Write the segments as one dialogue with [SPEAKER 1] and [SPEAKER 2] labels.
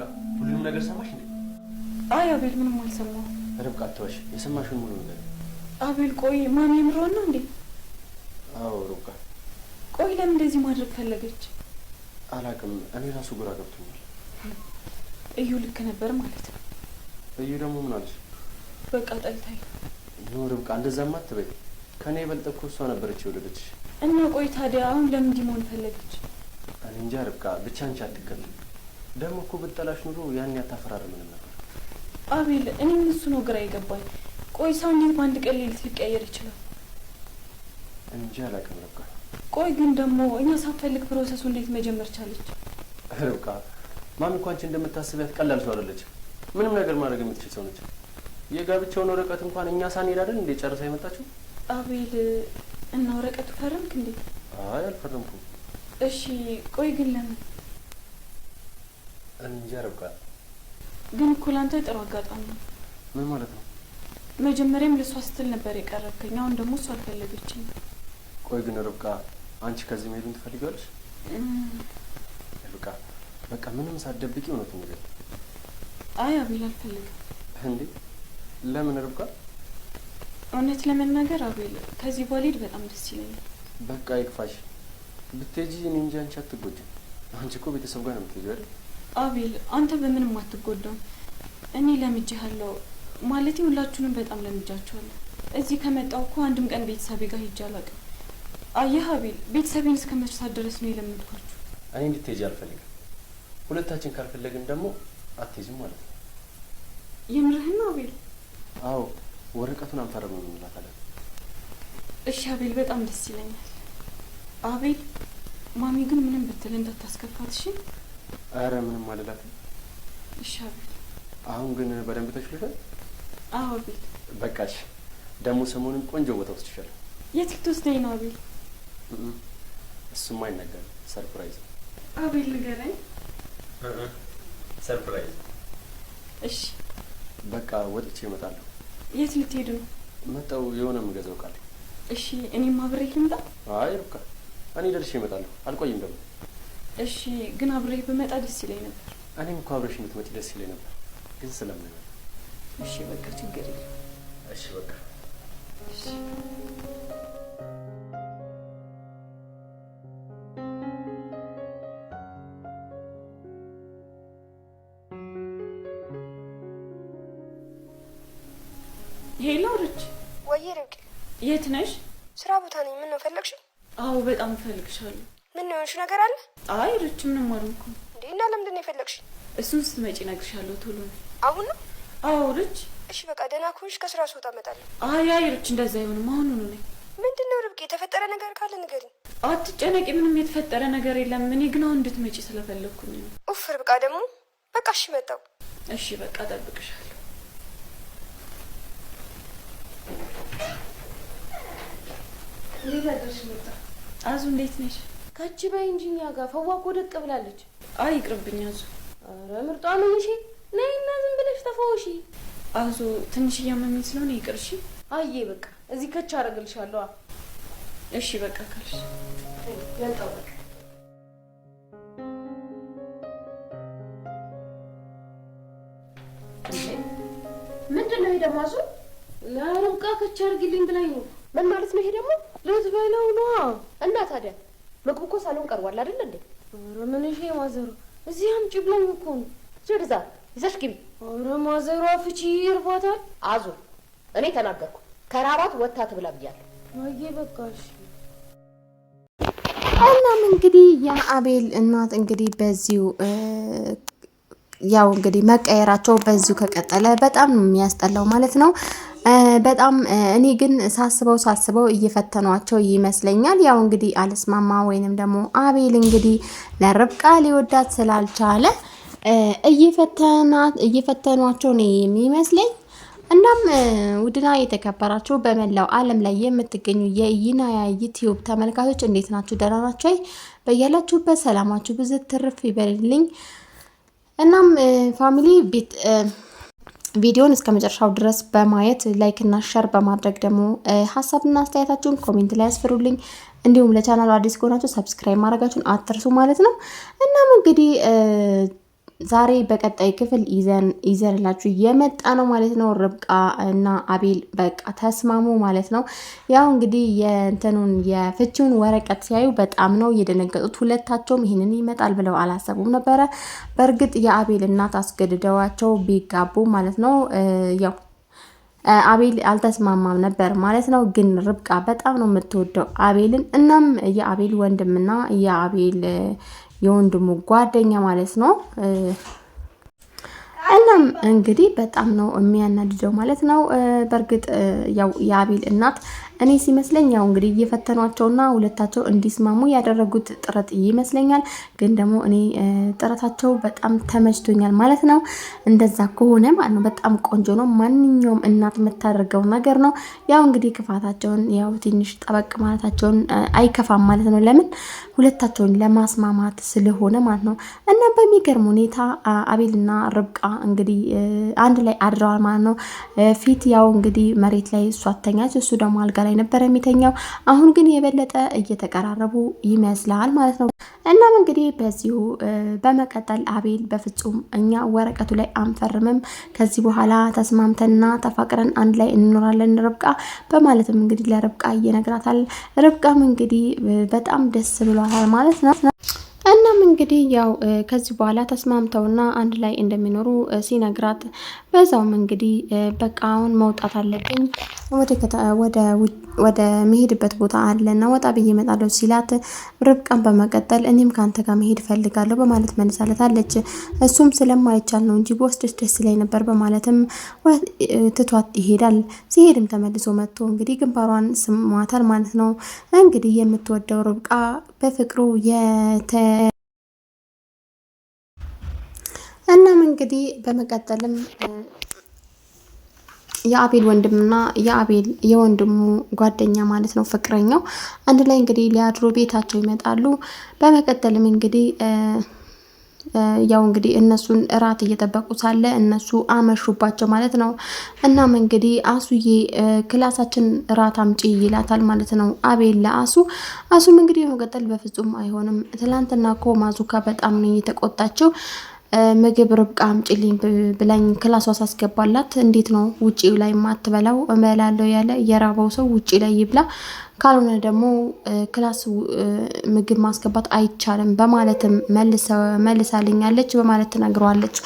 [SPEAKER 1] ርብቃ ሁሉንም ነገር ሰማሽ እንዴ?
[SPEAKER 2] አይ አቤል፣ ምንም አልሰማሁም።
[SPEAKER 1] ርብቃ አትዋሽ፣ የሰማሽውን ሙሉ ነገር።
[SPEAKER 2] አቤል ቆይ፣ ማሚ የምሯን ነው እንዴ? አዎ ርብቃ። ቆይ ለምን እንደዚህ ማድረግ ፈለገች?
[SPEAKER 1] አላውቅም፣ እኔ ራሱ ግራ ገብቶኛል።
[SPEAKER 2] እዩ ልክ ነበር ማለት ነው።
[SPEAKER 1] እዩ ደግሞ ምን አለች?
[SPEAKER 2] በቃ ጠልታኝ
[SPEAKER 1] ነው። ርብቃ እንደዛማ አትበይ። ከእኔ የበለጠ እኮ እሷ ነበረች የወለደች
[SPEAKER 2] እና ቆይ ታዲያ አሁን ለምን መሆን ፈለገች?
[SPEAKER 1] እኔ እንጃ ርብቃ፣ ብቻ አንቺ አትገለል ደግሞ እኮ ብጠላሽ ኑሮ ያን ያታፈራር ምን ነበር።
[SPEAKER 2] አቤል፣ እኔ እሱ ነው ግራ የገባኝ። ቆይ ሰው እንዴት በአንድ ቀን ሌሊት ሊቀየር ይችላል?
[SPEAKER 1] እንጂ አላውቅም ርብቃ።
[SPEAKER 2] ቆይ ግን ደግሞ እኛ ሳትፈልግ ፕሮሰሱ እንዴት መጀመር ቻለች?
[SPEAKER 1] ርብቃ፣ ማሚ እኮ አንቺ እንደምታስቢያት ቀላል ሰው አይደለችም። ምንም ነገር ማድረግ የምትችል ሰው ነች። የጋብቻውን ወረቀት እንኳን እኛ ሳንሄድ አይደል እንዴ ጨርሳ የመጣችው?
[SPEAKER 2] አቤል፣ እና ወረቀቱ ፈረምክ እንዴ?
[SPEAKER 1] አይ አልፈረምኩም።
[SPEAKER 2] እሺ፣ ቆይ ግን ለምን እንጃ ርብቃ፣ ግን እኮ ላንተ ጥሩ አጋጣሚ ነው። ምን ማለት ነው? መጀመሪያም ለእሷ ስትል ነበር የቀረብከኝ። አሁን ደግሞ እሷ አልፈለገችኝ።
[SPEAKER 1] ቆይ ግን ርብቃ፣ አንቺ ከዚህ መሄዱን ትፈልጊዋለሽ? ርብቃ፣ በቃ ምንም ሳትደብቂ እውነት ንገሪኝ።
[SPEAKER 2] አይ አቤል አልፈልግም።
[SPEAKER 1] እንዴ ለምን ርብቃ?
[SPEAKER 2] እውነት ለመናገር አቤል፣ ከዚህ ባልሄድ በጣም ደስ ይለኛል።
[SPEAKER 1] በቃ ይክፋሽ። ብትሄጂ እኔ እንጂ አንቺ አትጎጂም። አንቺ እኮ ቤተሰብ ጋር ነው የምትሄጂው አይደል?
[SPEAKER 2] አቤል አንተ በምንም አትጎዳም። እኔ ለምጄሃለሁ ማለቴ ሁላችሁንም በጣም ለምጃችኋለሁ። እዚህ ከመጣሁ እኮ አንድም ቀን ቤተሰቤ ጋር ሂጅ አላውቅም። አየህ አቤል፣ ቤተሰቤን እስከ ድረስ ነው የለመድኳችሁ።
[SPEAKER 1] እኔ እንድትሄጂ አልፈልግም። ሁለታችን ካልፈለግን ደግሞ አትሄጂም ማለት ነው።
[SPEAKER 2] የምርህን ነው አቤል?
[SPEAKER 1] አዎ፣ ወረቀቱን አንፈርምም እንላታለን።
[SPEAKER 2] እሺ አቤል፣ በጣም ደስ ይለኛል። አቤል፣ ማሚ ግን ምንም ብትል እንዳታስከፋት እሺ?
[SPEAKER 1] አረ ምንም አልላትም። እሺ አቤል። አሁን ግን በደንብ ተሽሎሻል? አዎ አቤል። በቃሽ። ደግሞ ሰሞኑን ቆንጆ ቦታ ወስድሻለሁ።
[SPEAKER 2] የት ልትወስደኝ ነው አቤል?
[SPEAKER 1] እሱማ አይነገርም። ሰርፕራይዝ።
[SPEAKER 2] አቤል ንገረኝ። ሰርፕራይዝ። እሺ
[SPEAKER 1] በቃ ወጥቼ እመጣለሁ።
[SPEAKER 2] የት ልትሄድ ነው?
[SPEAKER 1] መጣሁ የሆነ የምገዛው ቃል።
[SPEAKER 2] እሺ እኔም አብሬህ ልምጣ?
[SPEAKER 1] አይ ሩካ፣ እኔ ደርሼ እመጣለሁ። አልቆይም ደግሞ
[SPEAKER 2] እሺ፣ ግን አብሬህ ብመጣ ደስ ይለኝ ነበር።
[SPEAKER 1] እኔም እኮ አብረሽ የምትመጪ ደስ ይለኝ ነበር፣ ግን ስለምን?
[SPEAKER 2] እሺ በቃ ችግር የለም።
[SPEAKER 1] እሺ በቃ እሺ
[SPEAKER 2] ሄሎ ርች ወይ ርቅ የት ነሽ?
[SPEAKER 3] ስራ ቦታ ነኝ። ምን ነው ፈለግሽ?
[SPEAKER 2] አዎ በጣም እፈልግሻለሁ።
[SPEAKER 3] ምን ነው የሆንሽ ነገር አለ?
[SPEAKER 2] አይ ርች ምንም አልሆንኩም።
[SPEAKER 3] እንዴ እና ለምንድን ነው የፈለግሽ?
[SPEAKER 2] እሱን ስትመጪ እነግርሻለሁ። ቶሎ ነው። አሁን ነው? አዎ ርች።
[SPEAKER 3] እሺ በቃ ደህና ከሆንሽ ከስራ ስወጣ እመጣለሁ።
[SPEAKER 2] አይ አይ ርች እንደዛ አይሆንም። አሁን ነው ነኝ።
[SPEAKER 3] ምንድን ነው ርብቃ፣ የተፈጠረ ነገር ካለ ንገሪኝ።
[SPEAKER 2] አትጨነቂ፣ ምንም የተፈጠረ ነገር የለም። እኔ ግን አሁን እንድትመጪ ስለፈለግኩኝ ነው።
[SPEAKER 3] ኡፍ ርብቃ ደግሞ በቃ እሺ፣ መጣው።
[SPEAKER 2] እሺ በቃ እጠብቅሻለሁ። ሊረዳሽ መጣ። አዙ እንዴት ነሽ?
[SPEAKER 4] ታች በይ እንጂ እኛ ጋር ፈዋ እኮ ደቅ ብላለች።
[SPEAKER 2] አይ ይቅርብኝ አዙ።
[SPEAKER 4] ኧረ ምርጧ ነው እሺ። ነይ እና ዝም ብለሽ ተፈውሺ።
[SPEAKER 2] አዙ። ትንሽ እያመመኝ ስለሆነ ይቅር እሺ።
[SPEAKER 4] አዬ በቃ እዚህ ከች አደርግልሻለሁ።
[SPEAKER 2] እሺ በቃ ካልሽ
[SPEAKER 4] ያልጣው በቃ ምንድን ነው ይሄ ደግሞ አዙ? ለርብቃ አድርጊልኝ ብላኝ ነው። ምን ማለት ነው ይሄ ደግሞ? ልትበላው ነዋ። እና ታዲያ ምግብ እኮ ሳሎን ቀርቧል አይደል እንዴ? ኧረ ምን እሺ ማዘሩ እዚህ አምጪ ብሎኝ እኮ ነው። እዚህ ወደዛ ይዘሽ ግቢ። ኧረ ማዘሩ አፍቺ ይርባታል። አዙ እኔ ተናገርኩ። ከራባት ወታ ትብላ ብያለሁ። ወይዬ በቃሽ።
[SPEAKER 5] እናም እንግዲህ የአቤል እናት እንግዲህ በዚሁ ያው እንግዲህ መቀየራቸው በዚሁ ከቀጠለ በጣም ነው የሚያስጠላው ማለት ነው። በጣም እኔ ግን ሳስበው ሳስበው እየፈተኗቸው ይመስለኛል። ያው እንግዲህ አልስማማ ወይንም ደግሞ አቤል እንግዲህ ለርብቃ ሊወዳት ስላልቻለ እየፈተኗቸው ነው የሚመስለኝ። እናም ውድና የተከበራችሁ በመላው ዓለም ላይ የምትገኙ የኢናያ ዩቲዩብ ተመልካቾች እንዴት ናችሁ? ደህና ናችሁ? በያላችሁበት ሰላማችሁ ብዝት ትርፍ ይበልልኝ። እናም ፋሚሊ ቤት ቪዲዮን እስከ መጨረሻው ድረስ በማየት ላይክና ሸር በማድረግ ደግሞ ሀሳብና አስተያየታችሁን ኮሜንት ላይ ያስፈሩልኝ። እንዲሁም ለቻናሉ አዲስ ከሆናችሁ ሰብስክራይብ ማድረጋችሁን አትርሱ ማለት ነው። እናም እንግዲህ ዛሬ በቀጣይ ክፍል ይዘንላችሁ የመጣ ነው ማለት ነው። ርብቃ እና አቤል በቃ ተስማሙ ማለት ነው። ያው እንግዲህ የእንትኑን የፍቺውን ወረቀት ሲያዩ በጣም ነው የደነገጡት። ሁለታቸውም ይህንን ይመጣል ብለው አላሰቡም ነበረ። በእርግጥ የአቤል እናት አስገድደዋቸው ቢጋቡ ማለት ነው ያው አቤል አልተስማማም ነበር ማለት ነው። ግን ርብቃ በጣም ነው የምትወደው አቤልን። እናም የአቤል ወንድምና የአቤል የወንድሙ ጓደኛ ማለት ነው። እናም እንግዲህ በጣም ነው የሚያናድደው ማለት ነው። በእርግጥ ያው የአቤል እናት እኔ ሲመስለኝ ያው እንግዲህ እየፈተኗቸውና ሁለታቸው እንዲስማሙ ያደረጉት ጥረት ይመስለኛል። ግን ደግሞ እኔ ጥረታቸው በጣም ተመችቶኛል ማለት ነው። እንደዛ ከሆነ ማለት ነው በጣም ቆንጆ ነው። ማንኛውም እናት የምታደርገው ነገር ነው። ያው እንግዲህ ክፋታቸውን ያው ትንሽ ጠበቅ ማለታቸውን አይከፋም ማለት ነው። ለምን ሁለታቸውን ለማስማማት ስለሆነ ማለት ነው። እና በሚገርም ሁኔታ አቤልና ርብቃ እንግዲህ አንድ ላይ አድረዋል ማለት ነው። ፊት ያው እንግዲህ መሬት ላይ እሷ ተኛች፣ እሱ ደግሞ አልጋ ላይ ላይ ነበር የሚተኛው። አሁን ግን የበለጠ እየተቀራረቡ ይመስላል ማለት ነው። እናም እንግዲህ በዚሁ በመቀጠል አቤል በፍጹም እኛ ወረቀቱ ላይ አንፈርምም፣ ከዚህ በኋላ ተስማምተንና ተፋቅረን አንድ ላይ እንኖራለን ርብቃ በማለትም እንግዲህ ለርብቃ እየነግራታል። ርብቃም እንግዲህ በጣም ደስ ብሏታል ማለት ነው። እናም እንግዲህ ያው ከዚህ በኋላ ተስማምተውና አንድ ላይ እንደሚኖሩ ሲነግራት በዛውም እንግዲህ በቃ አሁን መውጣት አለብኝ ወደ መሄድበት ቦታ አለና ወጣ ብዬ እመጣለሁ ሲላት ርብቃን በመቀጠል እኔም ከአንተ ጋር መሄድ ፈልጋለሁ በማለት አለች። እሱም ስለማይቻል ነው እንጂ በወስድሽ ደስ ላይ ነበር በማለትም ትቷት ይሄዳል። ሲሄድም ተመልሶ መጥቶ እንግዲህ ግንባሯን ስሟታል ማለት ነው። እንግዲህ የምትወደው ርብቃ በፍቅሩ የተ እንግዲህ በመቀጠልም የአቤል ወንድምና የአቤል የወንድሙ ጓደኛ ማለት ነው ፍቅረኛው አንድ ላይ እንግዲህ ሊያድሩ ቤታቸው ይመጣሉ። በመቀጠልም እንግዲህ ያው እንግዲህ እነሱን እራት እየጠበቁ ሳለ እነሱ አመሹባቸው ማለት ነው። እናም እንግዲህ አሱዬ ክላሳችን እራት አምጪ ይላታል ማለት ነው አቤል ለአሱ። አሱም እንግዲህ በመቀጠል በፍጹም አይሆንም፣ ትላንትና እኮ ማዙካ በጣም ነው የተቆጣቸው ምግብ ርብቃ አምጪልኝ ብላኝ ክላሷ ሳስገባላት እንዴት ነው ውጪ ላይ ማትበላው እበላለሁ ያለ የራበው ሰው ውጪ ላይ ይብላ ካልሆነ ደግሞ ክላስ ምግብ ማስገባት አይቻልም በማለትም መልሳልኛለች በማለት ትነግረዋለች።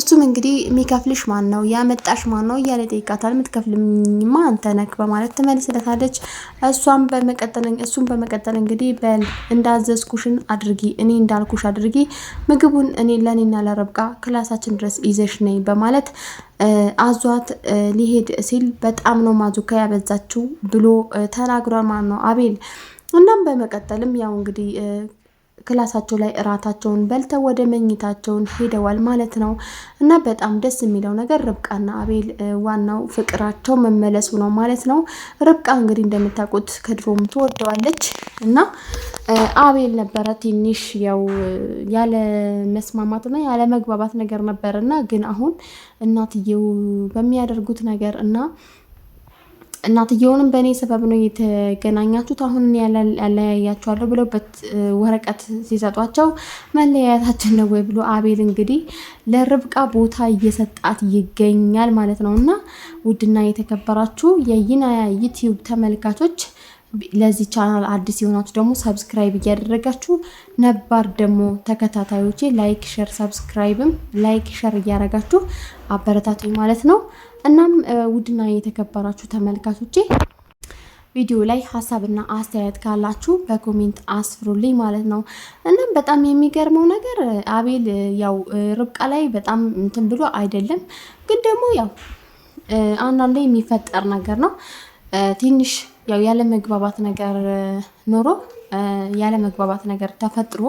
[SPEAKER 5] እሱም እንግዲህ የሚከፍልሽ ማን ነው ያመጣሽ ማን ነው እያለ ይጠይቃታል። የምትከፍልኝማ አንተ ነህ በማለት ትመልስለታለች። እሷም በመቀጠል እሱም በመቀጠል እንግዲህ በል እንዳዘዝኩሽን አድርጊ እኔ እንዳልኩሽ አድርጊ ምግቡን እኔ ለእኔና ለረብቃ ክላሳችን ድረስ ይዘሽ ነይ በማለት አዟት ሊሄድ ሲል በጣም ነው ማዙካ ያበዛችው ብሎ ተናግሯል ማለት ነው አቤል። እናም በመቀጠልም ያው እንግዲህ ክላሳቸው ላይ እራታቸውን በልተው ወደ መኝታቸውን ሄደዋል ማለት ነው። እና በጣም ደስ የሚለው ነገር ርብቃና አቤል ዋናው ፍቅራቸው መመለሱ ነው ማለት ነው። ርብቃ እንግዲህ እንደምታውቁት ከድሮም ትወደዋለች እና አቤል ነበረ ትንሽ ያው ያለ መስማማትና ያለ መግባባት ነገር ነበር እና ግን አሁን እናትየው በሚያደርጉት ነገር እና እናትየውንም በእኔ ሰበብ ነው የተገናኛችሁት፣ አሁን ያለያያችኋለሁ ብለውበት ወረቀት ሲሰጧቸው መለያየታችን ነው ወይ ብሎ አቤል እንግዲህ ለርብቃ ቦታ እየሰጣት ይገኛል ማለት ነው። እና ውድና የተከበራችሁ የይና ዩቲዩብ ተመልካቾች ለዚህ ቻናል አዲስ የሆናችሁ ደግሞ ሰብስክራይብ እያደረጋችሁ ነባር ደግሞ ተከታታዮቼ ላይክ ሸር፣ ሰብስክራይብም ላይክ ሸር እያደረጋችሁ አበረታቱኝ ማለት ነው። እናም ውድና የተከበራችሁ ተመልካቾቼ ቪዲዮ ላይ ሀሳብና አስተያየት ካላችሁ በኮሜንት አስፍሩልኝ ማለት ነው። እናም በጣም የሚገርመው ነገር አቤል ያው ርብቃ ላይ በጣም እንትን ብሎ አይደለም፣ ግን ደግሞ ያው አንዳንዴ የሚፈጠር ነገር ነው ትንሽ ያው ያለ መግባባት ነገር ኖሮ ያለ መግባባት ነገር ተፈጥሮ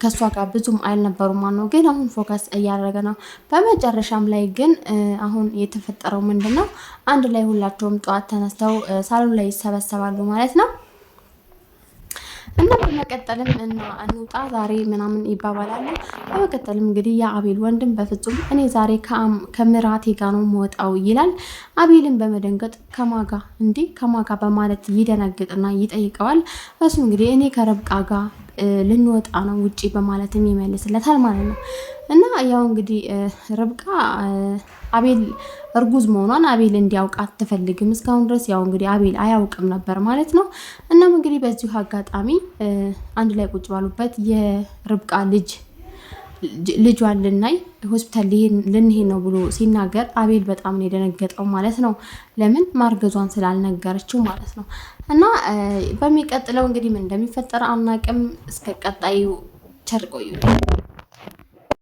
[SPEAKER 5] ከእሷ ጋር ብዙም አልነበሩም ማለት ነው። ግን አሁን ፎከስ እያደረገ ነው። በመጨረሻም ላይ ግን አሁን የተፈጠረው ምንድን ነው? አንድ ላይ ሁላቸውም ጠዋት ተነስተው ሳሎን ላይ ይሰበሰባሉ ማለት ነው። እና በመቀጠልም እና እንውጣ ዛሬ ምናምን ይባባላሉ። በመቀጠልም እንግዲህ የአቤል ወንድም በፍጹም እኔ ዛሬ ከምራቴ ጋ ነው መወጣው ይላል። አቤልን በመደንገጥ ከማጋ እንዲህ ከማጋ በማለት ይደነግጥና ይጠይቀዋል። እሱ እንግዲህ እኔ ከረብቃ ጋር ልንወጣ ነው ውጪ በማለትም ይመልስለታል ማለት ነው። እና ያው እንግዲህ ርብቃ አቤል እርጉዝ መሆኗን አቤል እንዲያውቅ አትፈልግም። እስካሁን ድረስ ያው እንግዲህ አቤል አያውቅም ነበር ማለት ነው። እናም እንግዲህ በዚሁ አጋጣሚ አንድ ላይ ቁጭ ባሉበት የርብቃ ልጅ ልጇን ልናይ ሆስፒታል ልንሄድ ነው ብሎ ሲናገር አቤል በጣም ነው የደነገጠው ማለት ነው። ለምን ማርገዟን ስላልነገረችው ማለት ነው። እና በሚቀጥለው እንግዲህ ምን እንደሚፈጠር አናቅም። እስከ ቀጣዩ ቸር ቆዩ።